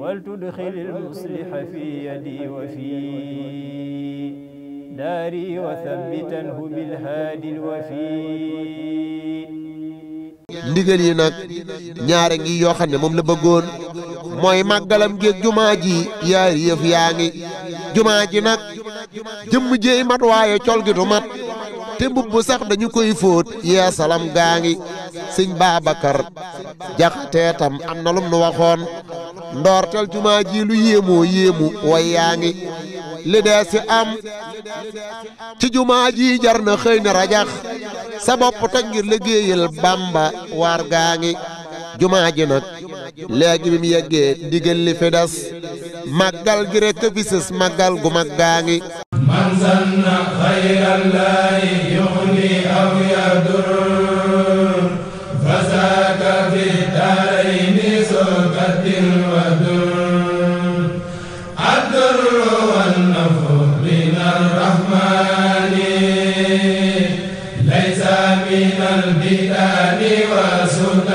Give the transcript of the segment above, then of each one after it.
ولتدخل المصلح في يدي وفي داري وثبتنه بالهادي الوفي ndigal yi nag ñaare ngi yoo xam ne moom la bëggoon mooy màggalam géeg jumaa ji yaari yëf yaa ngi jumaa ji nag jëmm jéey mat waaye col gi mat te mbubb sax dañu koy fóot yeesalam gaa ngi sëñ Babacar jaxatee am na nu waxoon ndoortel jumaa ji lu yéemoo yéemu way yaa ngi li dee am ci jumaa ji jar na xëy na rajax sa bopp toj ngir liggéeyal Bàmba waar gaa ngi jumaa ji nag léegi bi mu yeggee ndigal li fi des gi rekk fi sës màggal gu mag gaa ngi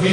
fi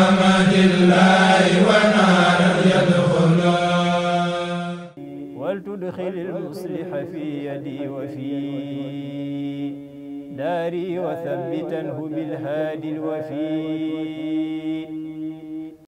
برحمة الله ونار يدخل ولتدخل المصلح في يدي وفي داري وثبته بالهادي الوفي